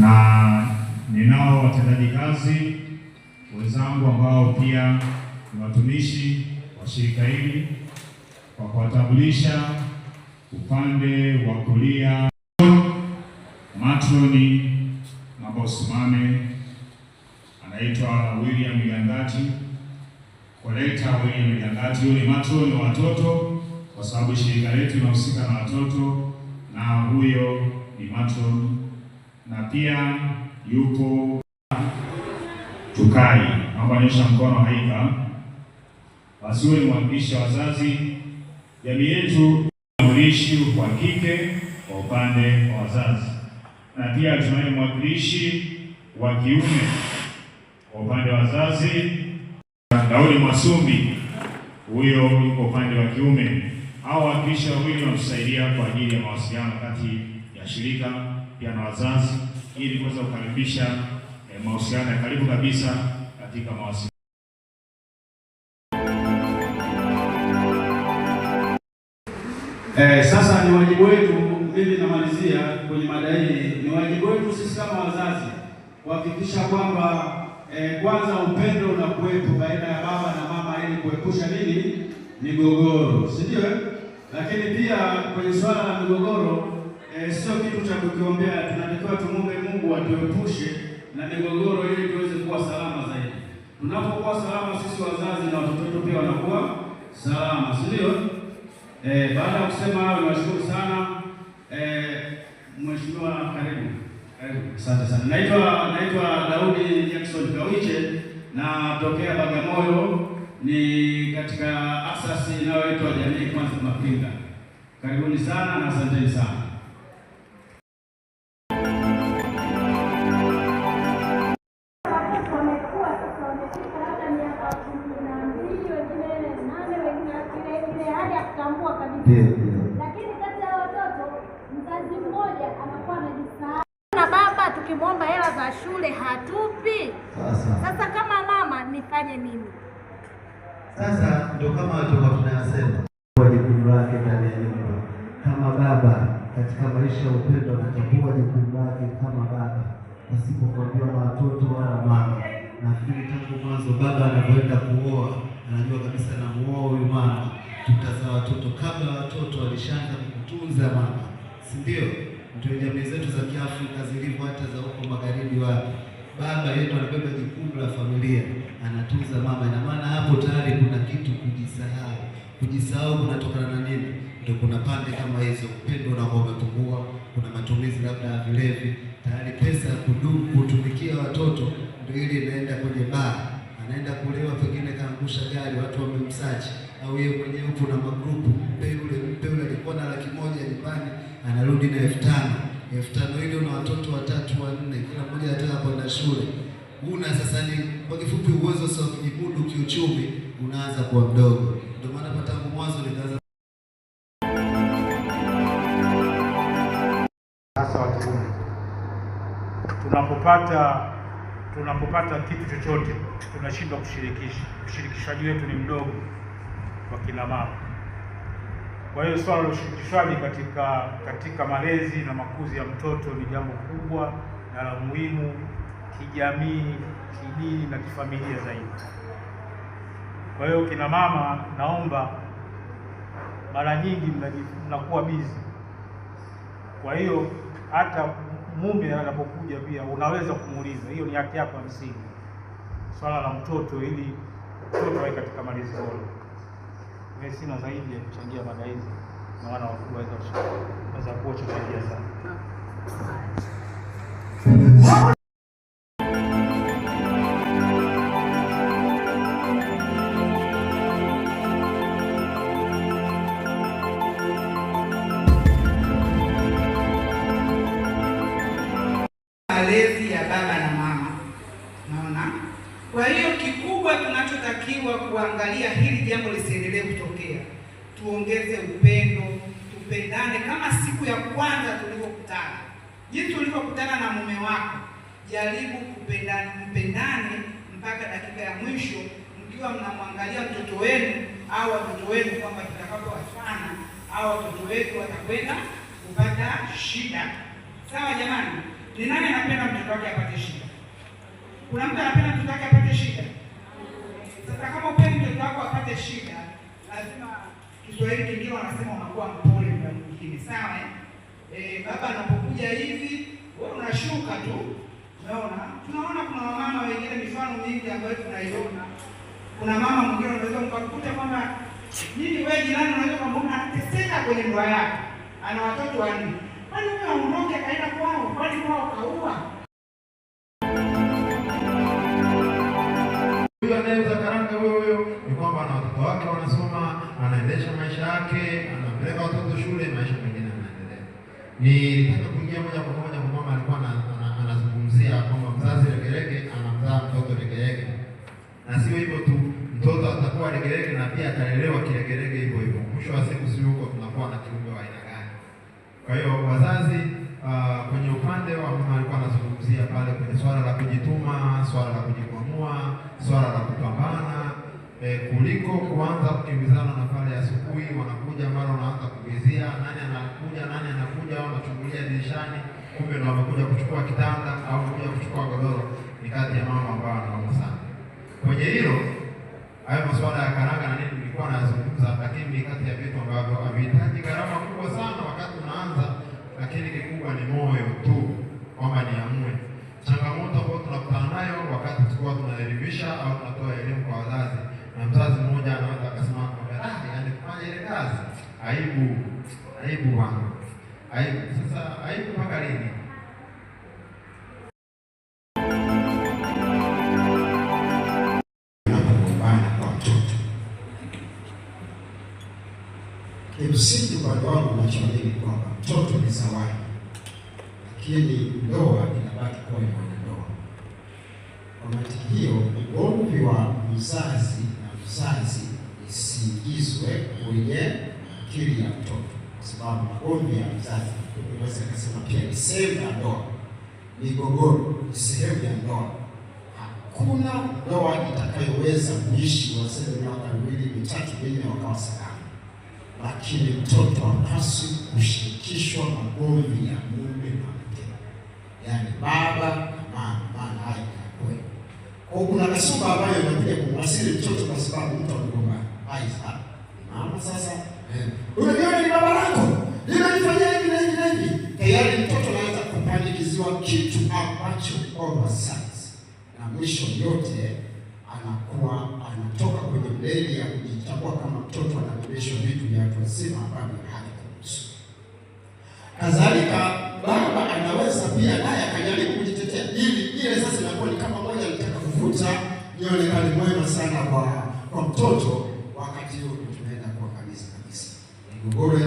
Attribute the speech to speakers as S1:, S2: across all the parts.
S1: na ninao watendaji kazi wenzangu ambao pia ni watumishi wa shirika hili, kwa kuwatambulisha upande wa kulia matroni, naomba usimame, anaitwa William Gangati, koleta William Gangati. Huyu ni matroni wa watoto, kwa sababu shirika letu linahusika na watoto, na huyo ni matroni na pia yupo Tukai, naomba nyosha mkono haiba, basi huyo ni mwakilishi wazazi. Jamii yetu mwakilishi wa kike kwa upande wa wazazi, na pia tunaye mwakilishi wa kiume kwa upande wa wazazi. Daudi Mwasumbi huyo yuko upande wa kiume. Hao wawakilishi wawili wanatusaidia kwa ajili ya mawasiliano kati ya shirika pia na wazazi, ili kuweza kukaribisha eh, mahusiano ya karibu kabisa katika mawasiliano. Eh, sasa ni wajibu wetu, mimi namalizia kwenye mada hii, ni wajibu wetu sisi kama wazazi kuhakikisha kwamba eh, kwanza upendo unakuwepo baina ya baba na mama ili kuepusha nini migogoro, si ndio? Eh? Lakini pia kwenye suala la migogoro eh, sio kitu cha kukiombea. Tunatakiwa tumombe Mungu atuepushe na migogoro ili tuweze kuwa salama zaidi. Tunapokuwa salama sisi wazazi na watoto wetu pia wanakuwa salama, si ndio? Eh, baada ya kusema hayo nashukuru sana eh, Mheshimiwa, karibu. Karibu. Asante sana. Naitwa naitwa Daudi Jackson Kawiche na Bagamoyo ni katika asasi inayoitwa Jamii Kwanza Mapinga. Karibuni sana na asanteni sana.
S2: tukimwomba hela za shule hatupi. Sasa, sasa kama mama nifanye nini?
S1: Sasa ndio kama tulikuwa tunayasema, wajibu lake ndani ya nyumba kama baba katika maisha ya upendo, anatambua jukumu lake kama baba asipokuambia watoto wala mama. Nafikiri tangu mwanzo baba anapoenda kuoa anajua kabisa namuoa huyu mama, tutazaa watoto. Kabla watoto walishaanza kukutunza mama, si ndio? ndio jamii zetu za Kiafrika zilivyo, hata za huko magharibi wapi. Baba yetu anabeba jukumu la familia, anatunza mama. Ina maana hapo tayari kuna kitu kujisahau. Kujisahau kunatokana na nini? Ndio kuna pande kama hizo, upendo unakuwa umepungua, kuna matumizi labda ya vilevi tayari, pesa ya kudumu kutumikia watoto ndio ile inaenda kwenye baa, anaenda kulewa, pengine kaangusha gari, watu wamemsachi, au yeye mwenyewe kuna magrupu, mpe yule, mpe yule, alikuwa na laki moja nyumbani anarudi na elfu tano elfu tano ile, una watoto watatu wanne, kila mmoja anataka kwenda shule, una sasa ni kwa kifupi, uwezo sasa kujimudu kiuchumi unaanza kuwa mdogo, ndio maana tangu mwanzo nikaanza sasa wa tunapopata tunapopata kitu chochote tunashindwa kushirikisha, ushirikishaji wetu ni mdogo kwa kina mama. Kwa hiyo swala la ushirikishwaji katika katika malezi na makuzi ya mtoto ni jambo kubwa na la muhimu kijamii, kidini na kifamilia zaidi. Kwa hiyo kina mama, naomba mara nyingi mnakuwa bizi. Kwa hiyo hata mume anapokuja pia unaweza kumuuliza, hiyo ni haki yako ya msingi, swala la mtoto, ili mtoto awe katika malezi bora eh, sina zaidi ya kuchangia mada hizi, na wana wakubwa waweza kuchangia sana.
S3: tunatakiwa kuangalia hili jambo lisiendelee kutokea. Tuongeze upendo, tupendane kama siku ya kwanza tulivyokutana. Jinsi ulivyokutana na mume wako, jaribu kupendana, mpendane mpaka dakika ya mwisho, mkiwa mnamwangalia mtoto wenu au watoto wenu kwamba wafana au watoto wetu watakwenda kupata shida. Sawa jamani, ni nani anapenda mtoto wake apate shida? Kuna mtu anapenda mtoto wake apate shida? Sasa kama upendi mtoto wako apate shida, lazima Kiswahili kingine wanasema unakuwa mpole muda mwingine, sawa eh? eh? Baba anapokuja hivi, wewe unashuka tu, unaona. Tunaona kuna wamama wengine, mifano mingi ambayo tunaiona. Kuna mama mwingine unaweza mkakuta kwamba nini, wewe jirani, unaweza kumwona anateseka kwenye ndoa yake, ana watoto wanne, kwani wewe aondoke akaenda kwao, kwani kwao kaua
S1: watoto wake wanasoma, anaendesha maisha yake, anapeleka watoto shule, maisha mengine yanaendelea. Nilitaka kuingia moja kwa moja kwa mama alikuwa anazungumzia kwamba mzazi legelege anamzaa mtoto legelege, na sio hivyo tu, mtoto atakuwa legelege na pia atalelewa kilegelege hivyo hivyo. Mwisho wa siku, si huko tunakuwa na kiumbe wa aina gani? Kwa hiyo wazazi Uh, kwenye upande wa mama alikuwa anazungumzia pale kwenye swala la kujituma, swala la kujikwamua, swala la kupambana eh, kuliko kuanza kukimbizana na pale asubuhi, wanakuja mara wanaanza kuvizia nani anakuja nani anakuja, au anachungulia dirishani, kumbe na wamekuja kuchukua kitanda au kuja kuchukua godoro. Ni kati ya mama ambao anaona sana kwenye hilo. Hayo masuala ya karanga na nini nilikuwa nazungumza, lakini ni kati ya vitu ambavyo havihitaji gharama kubwa sana wakati unaanza, lakini kikubwa ni moyo tu, kwamba niamue changamoto ambayo tunakutana nayo wakati tukuwa tunaelimisha au tunatoa elimu kwa wazazi na mzazi mmoja anaweza akasema ah, yaani kufanya ile kazi, aibu, aibu bwana, aibu. Sasa aibu mpaka lini? kwa mtoto, kimsingi upande wangu nachoamini kwamba mtoto ni zawadi, lakini ndoa inabaki kuwa ni ndoa. Kwa mantiki hiyo, ugomvi wa mzazi mzazi isiingizwe kwenye akili ya mtoto, kwa sababu maombi ya mzazi unaweza kasema pia ni sehemu ya ndoa. Migogoro ni sehemu ya ndoa. Hakuna ndoa itakayoweza kuishi waseme miaka miwili mitatu minne wakawa salama, lakini mtoto hapaswi kushirikishwa magomvi ya mume na mke, yaani baba kuna kasumba ambayo inakuja kumwasili mtoto kwa sababu mtu amegoma hai sana. Mama sasa, eh. unaliona ni baba lako linanifanyia hivi na hivi na hivi, tayari mtoto anaanza kupandikiziwa kitu ambacho oversize, na mwisho yote anakuwa anatoka kwenye mleli ya kujitambua kama mtoto, anabebeshwa vitu vya watu wazima ambavyo havikumhusu. Kadhalika baba anaweza pia naye akajaribu kuta nionekane mwema sana kwa kwa mtoto wakati huo tunaenda kwa kanisa kabisa. Mgogoro ya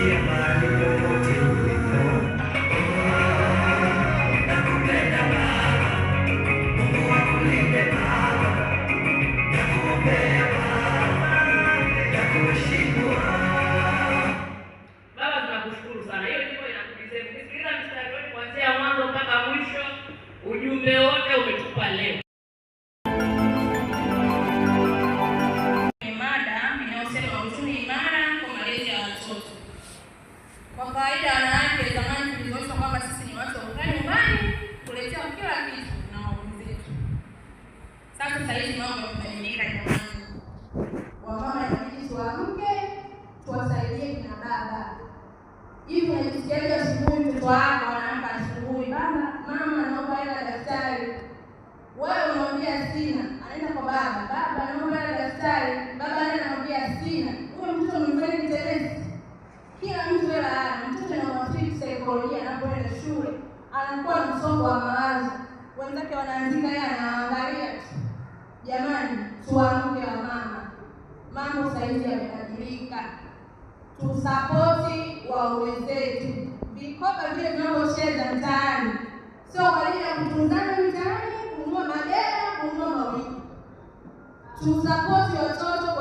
S4: hivi unajisikiaje asubuhi mtoto wako anaamka asubuhi, baba mama, naomba hela daftari. Wewe unamwambia sina, anaenda kwa baba, baba naomba hela daftari, baba naye anamwambia sina. Huyo mtoto mnamfanya kila mtu hela ana mtoto anaafiki saikolojia. Anapoenda shule anakuwa na msongo wa mawazo, wenzake wanaandika, yeye anaangalia tu. Jamani, tuamke wa mama, mambo saizi yamebadilika tusapoti waume zetu. Vikoba vile vinavyocheza mtaani sio kwa ajili ya kutunzana mtaani, kununua magari, kununua mawingu. Tusapoti watoto